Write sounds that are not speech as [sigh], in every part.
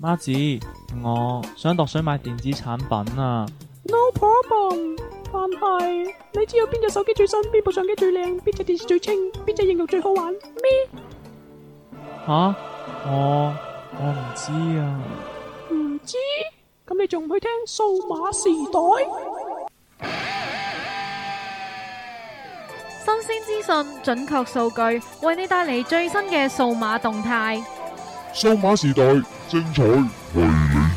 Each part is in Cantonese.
媽子，我想度水買電子產品啊！No problem，但係你知有邊隻手機最新，邊部相機最靚，邊隻電視最清，邊隻應用最好玩咩？吓、啊，我我唔知啊，唔知，咁你仲唔去聽數碼時代？新鮮資訊，準確數據，為你帶嚟最新嘅數碼動態。數碼時代，精彩為你。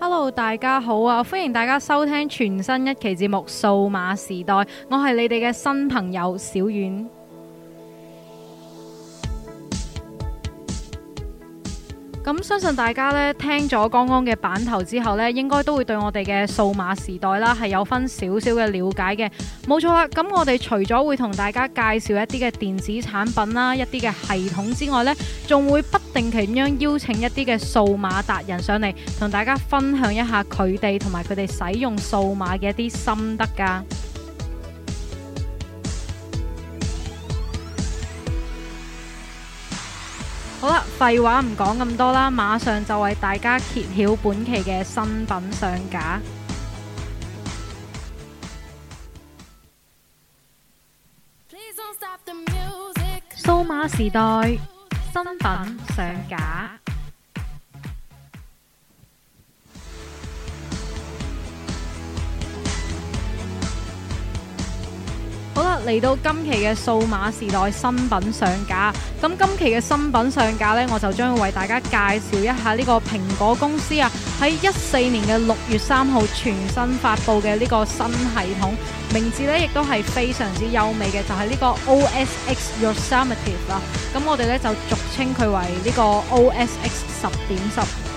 Hello，大家好啊！歡迎大家收聽全新一期節目《數碼時代》，我係你哋嘅新朋友小丸。咁相信大家呢聽咗剛剛嘅版頭之後呢，應該都會對我哋嘅數碼時代啦係有分少少嘅了解嘅，冇錯啦。咁我哋除咗會同大家介紹一啲嘅電子產品啦、一啲嘅系統之外呢，仲會不定期咁樣邀請一啲嘅數碼達人上嚟，同大家分享一下佢哋同埋佢哋使用數碼嘅一啲心得㗎。好啦，廢話唔講咁多啦，馬上就為大家揭曉本期嘅新品上架。數碼 [music] 時代，新品上架。嚟到今期嘅數碼時代新品上架，咁今期嘅新品上架呢，我就將會為大家介紹一下呢個蘋果公司啊喺一四年嘅六月三號全新發佈嘅呢個新系統，名字呢亦都係非常之優美嘅，就係、是、呢個 OSX Yosemite 啦，咁我哋呢就俗稱佢為呢個 OSX 十點十。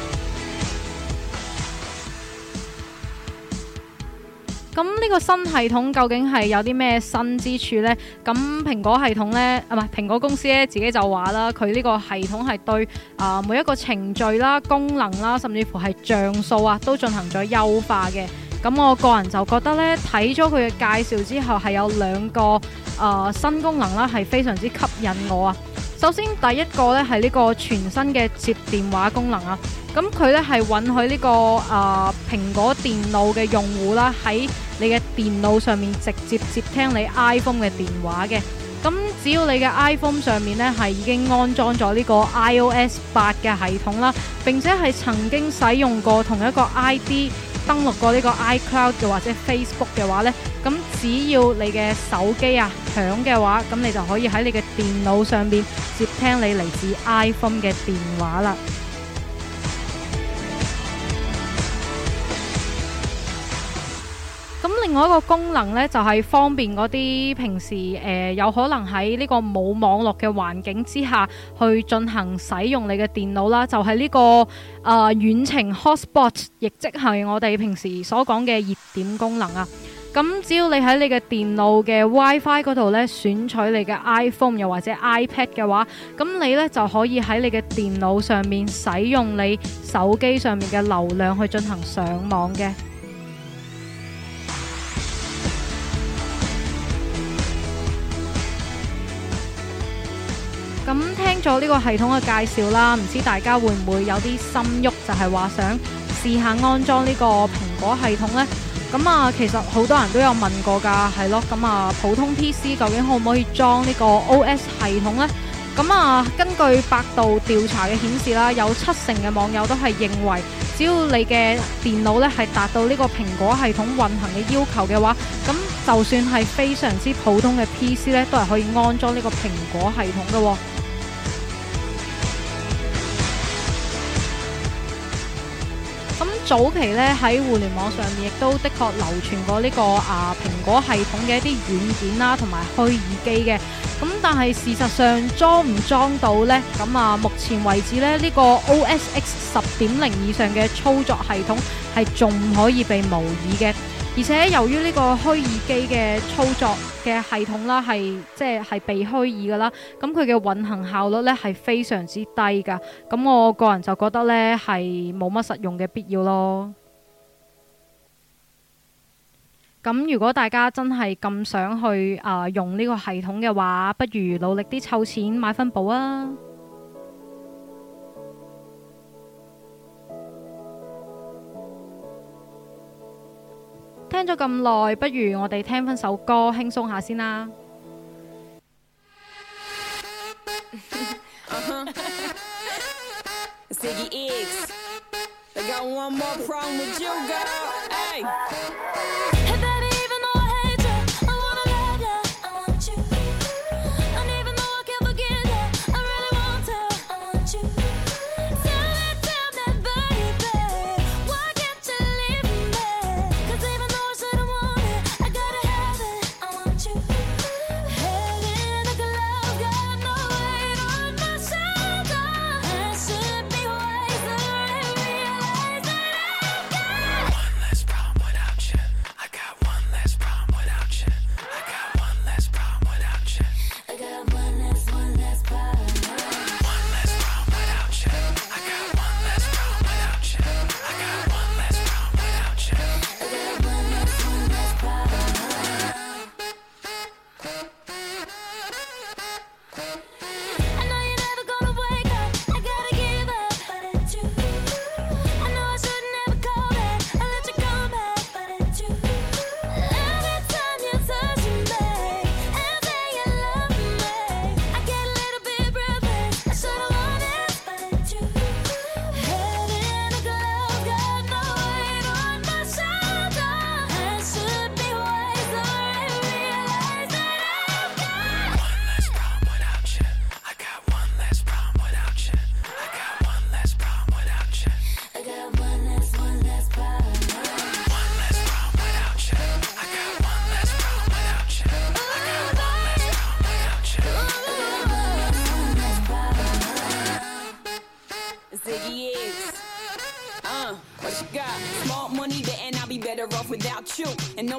咁呢個新系統究竟係有啲咩新之處呢？咁蘋果系統呢？啊唔係蘋果公司咧，自己就話啦，佢呢個系統係對啊、呃、每一個程序啦、功能啦，甚至乎係像素啊，都進行咗優化嘅。咁我個人就覺得呢，睇咗佢嘅介紹之後，係有兩個啊、呃、新功能啦，係非常之吸引我啊。首先第一個呢，係呢個全新嘅接電話功能啊。咁佢咧，係允許呢個啊蘋果電腦嘅用戶啦，喺你嘅電腦上面直接接聽你 iPhone 嘅電話嘅。咁只要你嘅 iPhone 上面呢係已經安裝咗呢個 iOS 八嘅系統啦，並且係曾經使用過同一個 ID 登錄過呢個 iCloud 嘅或者 Facebook 嘅話呢。咁只要你嘅手機啊響嘅話，咁你就可以喺你嘅電腦上面接聽你嚟自 iPhone 嘅電話啦。另外一個功能咧，就係方便嗰啲平時誒、呃、有可能喺呢個冇網絡嘅環境之下去進行使用你嘅電腦啦，就係、是、呢、這個誒遠、呃、程 Hotspot，亦即係我哋平時所講嘅熱點功能啊。咁只要你喺你嘅電腦嘅 WiFi 嗰度咧，選取你嘅 iPhone 又或者 iPad 嘅話，咁你咧就可以喺你嘅電腦上面使用你手機上面嘅流量去進行上網嘅。咁聽咗呢個系統嘅介紹啦，唔知大家會唔會有啲心喐，就係話想試下安裝呢個蘋果系統呢？咁啊，其實好多人都有問過噶，係咯，咁啊，普通 PC 究竟可唔可以裝呢個 OS 系統呢？咁啊，根據百度調查嘅顯示啦，有七成嘅網友都係認為，只要你嘅電腦呢係達到呢個蘋果系統運行嘅要求嘅話，咁就算係非常之普通嘅 PC 呢，都係可以安裝呢個蘋果系統嘅。早期咧，喺互聯網上面亦都的確流傳過呢個啊蘋果系統嘅一啲軟件啦、啊，同埋虛擬機嘅。咁但係事實上裝唔裝到呢？咁啊，目前為止咧呢個 OS X 十點零以上嘅操作系統係仲可以被模擬嘅。而且由於呢個虛擬機嘅操作嘅系統啦，係即係係被虛擬嘅啦，咁佢嘅運行效率呢係非常之低噶，咁我個人就覺得呢係冇乜實用嘅必要咯。咁如果大家真係咁想去啊、呃、用呢個系統嘅話，不如努力啲湊錢買返部啊！聽咗咁耐，不如我哋聽翻首歌，輕鬆下先啦。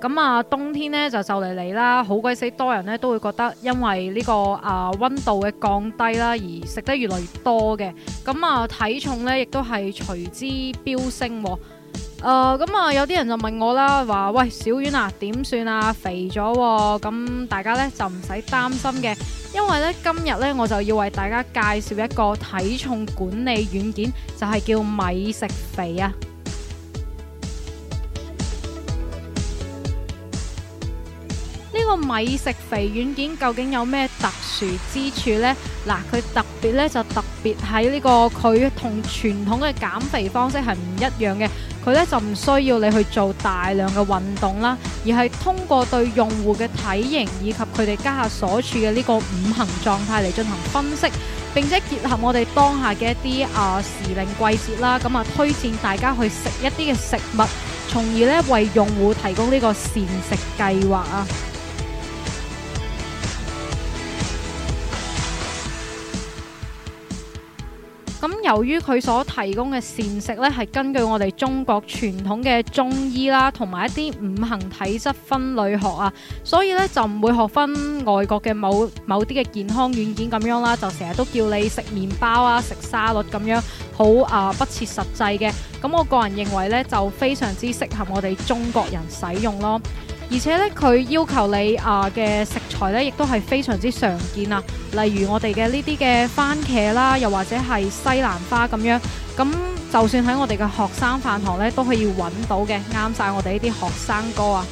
咁啊，冬天呢就就嚟嚟啦，好鬼死多人呢，都會覺得，因為呢、呢個啊、呃、溫度嘅降低啦，而食得越嚟越多嘅，咁啊體重呢亦都係隨之飆升喎。誒、呃，咁啊有啲人就問我啦，話喂，小丸啊，點算啊，肥咗喎？咁大家呢就唔使擔心嘅，因為呢，今日呢，我就要為大家介紹一個體重管理軟件，就係、是、叫米食肥啊。米食肥軟件究竟有咩特殊之處呢？嗱，佢特別咧就特別喺呢個佢同傳統嘅減肥方式係唔一樣嘅。佢咧就唔需要你去做大量嘅運動啦，而係通過對用戶嘅體型以及佢哋家下所處嘅呢個五行狀態嚟進行分析，並且結合我哋當下嘅一啲啊、呃、時令季節啦，咁啊推薦大家去食一啲嘅食物，從而咧為用戶提供呢個膳食計劃啊。由於佢所提供嘅膳食咧，係根據我哋中國傳統嘅中醫啦，同埋一啲五行體質分類學啊，所以咧就唔會學分外國嘅某某啲嘅健康軟件咁樣啦，就成日都叫你食麵包啊，食沙律咁樣，好啊、呃、不切實際嘅。咁我個人認為咧，就非常之適合我哋中國人使用咯。而且咧，佢要求你啊嘅食材咧，亦都係非常之常見啊。例如我哋嘅呢啲嘅番茄啦，又或者係西蘭花咁樣，咁就算喺我哋嘅學生飯堂咧，都可以揾到嘅，啱晒我哋呢啲學生哥啊。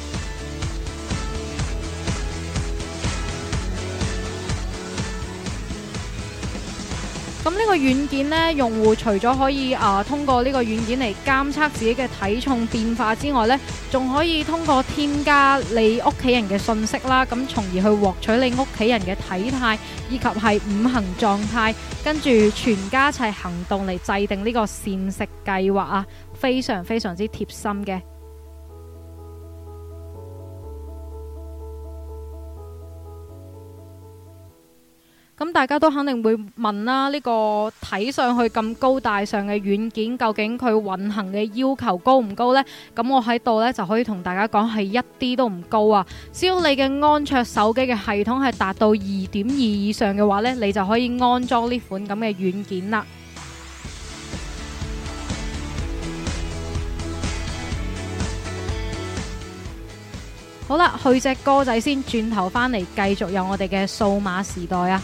咁呢個軟件呢，用戶除咗可以啊、呃、通過呢個軟件嚟監測自己嘅體重變化之外呢，仲可以通過添加你屋企人嘅信息啦，咁從而去獲取你屋企人嘅體態以及係五行狀態，跟住全家一齊行動嚟制定呢個膳食計劃啊，非常非常之貼心嘅。咁大家都肯定會問啦，呢個睇上去咁高大上嘅軟件，究竟佢運行嘅要求高唔高呢？咁我喺度呢就可以同大家講，係一啲都唔高啊！只要你嘅安卓手機嘅系統係達到二點二以上嘅話呢，你就可以安裝呢款咁嘅軟件啦。 [music] 好啦，去隻歌仔先，轉頭翻嚟，繼續有我哋嘅數碼時代啊！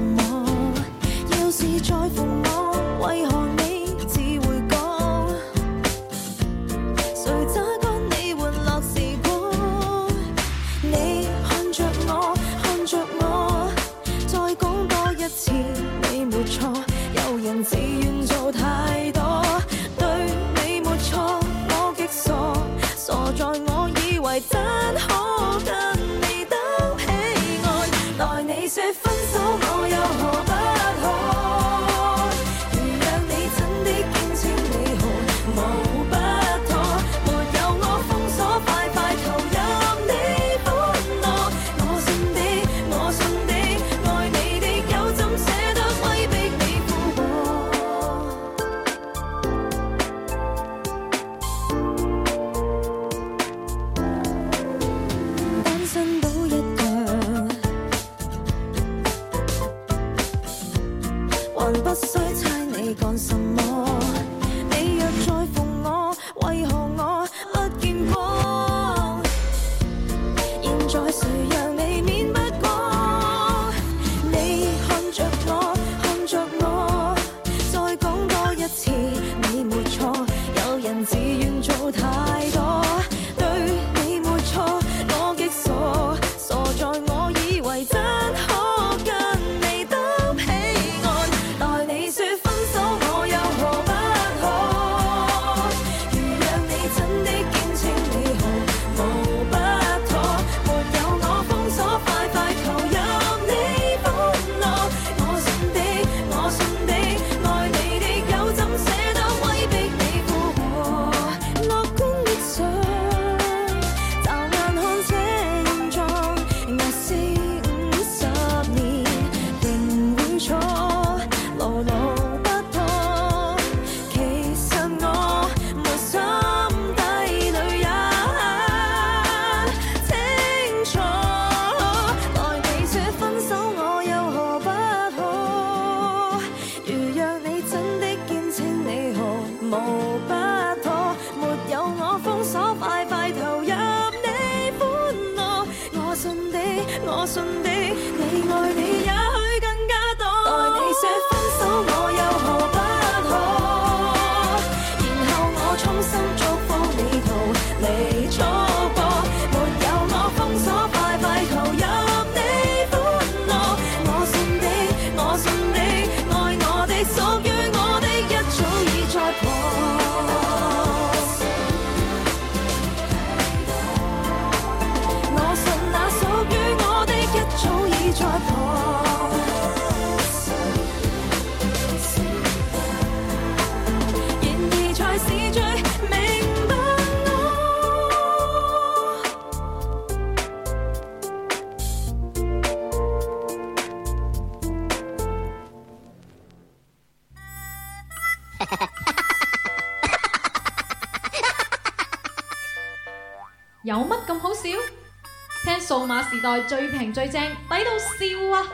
時代最平最正，抵到笑啊！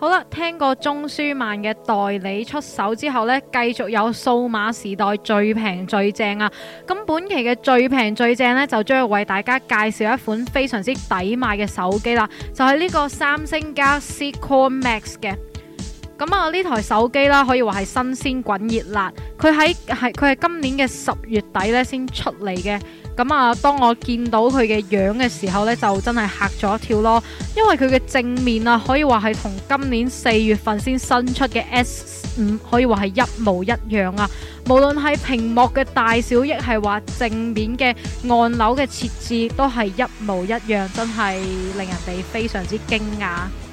好啦，聽過鍾舒漫嘅代理出手之後呢，繼續有數碼時代最平最正啊！咁本期嘅最平最正呢，就將嚟為大家介紹一款非常之抵買嘅手機啦，就係、是、呢個三星 Galaxy Core Max 嘅。咁啊，呢台手機啦，可以話係新鮮滾熱辣。佢喺係佢係今年嘅十月底咧先出嚟嘅。咁啊，當我見到佢嘅樣嘅時候咧，就真係嚇咗一跳咯。因為佢嘅正面啊，可以話係同今年四月份先新出嘅 S 五可以話係一模一樣啊。無論係屏幕嘅大小，亦係話正面嘅按鈕嘅設置都係一模一樣，真係令人哋非常之驚訝。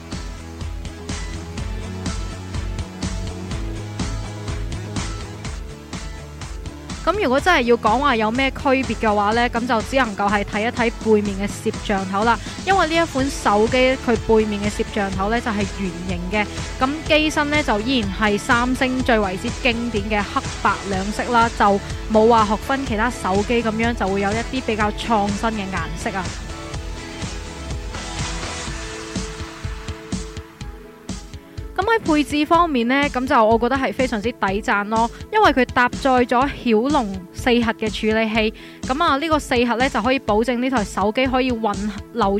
咁如果真係要講話有咩區別嘅話呢，咁就只能夠係睇一睇背面嘅攝像頭啦。因為呢一款手機佢背面嘅攝像頭呢就係圓形嘅，咁機身呢就依然係三星最為之經典嘅黑白兩色啦，就冇話學返其他手機咁樣就會有一啲比較創新嘅顏色啊。咁喺、嗯、配置方面呢，咁就我覺得係非常之抵讚咯，因為佢搭載咗驍龍四核嘅處理器，咁啊呢、呢個四核呢就可以保證呢台手機可以運流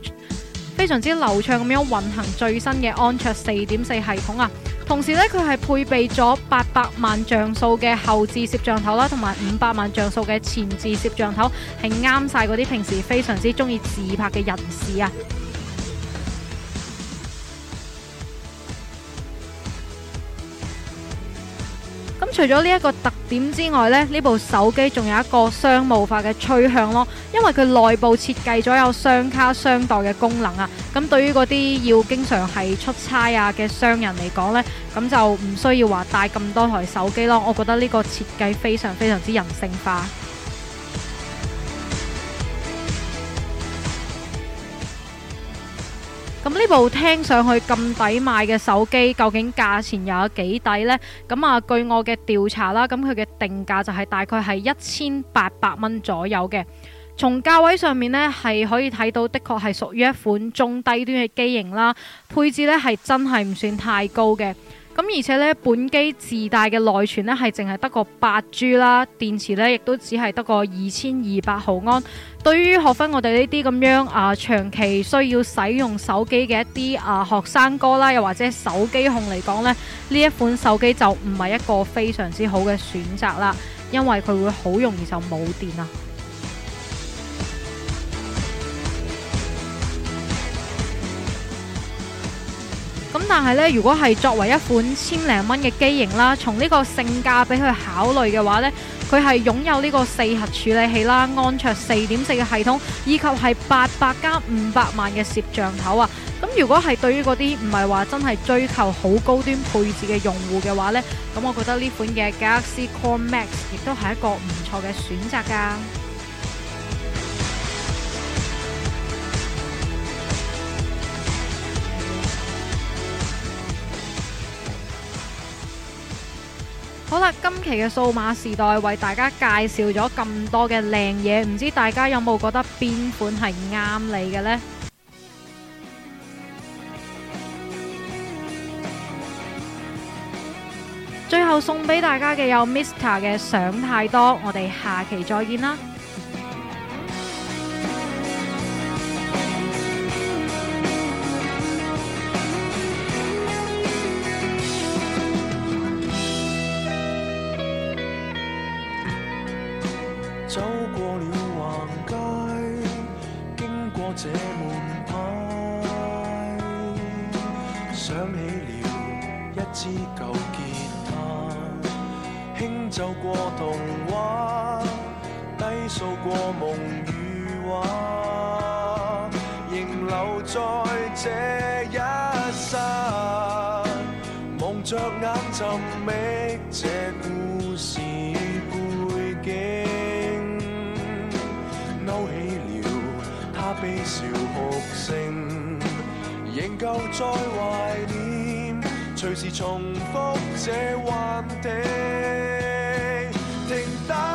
非常之流暢咁樣運行最新嘅安卓四點四系統啊。同時呢，佢係配備咗八百萬像素嘅後置攝像頭啦，同埋五百萬像素嘅前置攝像頭，係啱晒嗰啲平時非常之中意自拍嘅人士啊。除咗呢一個特點之外咧，呢部手機仲有一個商務化嘅趨向咯，因為佢內部設計咗有雙卡雙待嘅功能啊。咁對於嗰啲要經常係出差啊嘅商人嚟講呢，咁就唔需要話帶咁多台手機咯。我覺得呢個設計非常非常之人性化。咁呢部聽上去咁抵買嘅手機，究竟價錢又有幾抵呢？咁啊，據我嘅調查啦，咁佢嘅定價就係大概係一千八百蚊左右嘅。從價位上面呢，係可以睇到的確係屬於一款中低端嘅機型啦，配置呢，係真係唔算太高嘅。咁而且咧，本機自帶嘅內存呢，係淨係得個八 G 啦，電池呢亦都只係得個二千二百毫安。對於學翻我哋呢啲咁樣啊長期需要使用手機嘅一啲啊學生哥啦，又或者手機控嚟講呢，呢一款手機就唔係一個非常之好嘅選擇啦，因為佢會好容易就冇電啦。咁但係咧，如果係作為一款千零蚊嘅機型啦，從呢個性價比去考慮嘅話呢，佢係擁有呢個四核處理器啦，安卓四點四嘅系統，以及係八百加五百萬嘅攝像頭啊。咁如果係對於嗰啲唔係話真係追求好高端配置嘅用戶嘅話呢，咁我覺得呢款嘅 Galaxy Core Max 亦都係一個唔錯嘅選擇噶。好啦，今期嘅數碼時代為大家介紹咗咁多嘅靚嘢，唔知大家有冇覺得邊款係啱你嘅呢？ [music] 最後送俾大家嘅有 Mr. 嘅《想太多》，我哋下期再見啦！夠再懷念，隨時重複這幻境，停。 [music]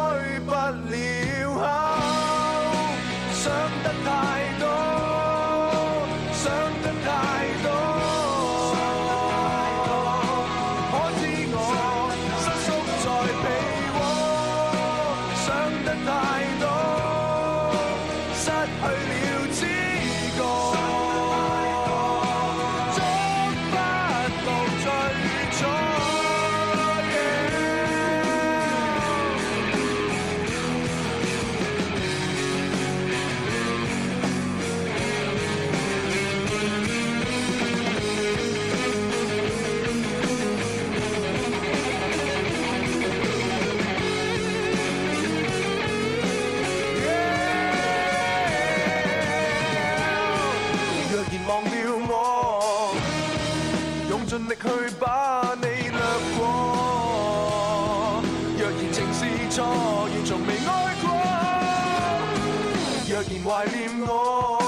懷念我，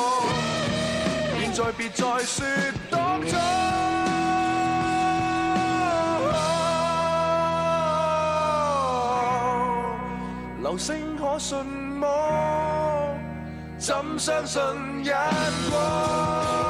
現在別再説當初。流星可信麼？怎相信一過？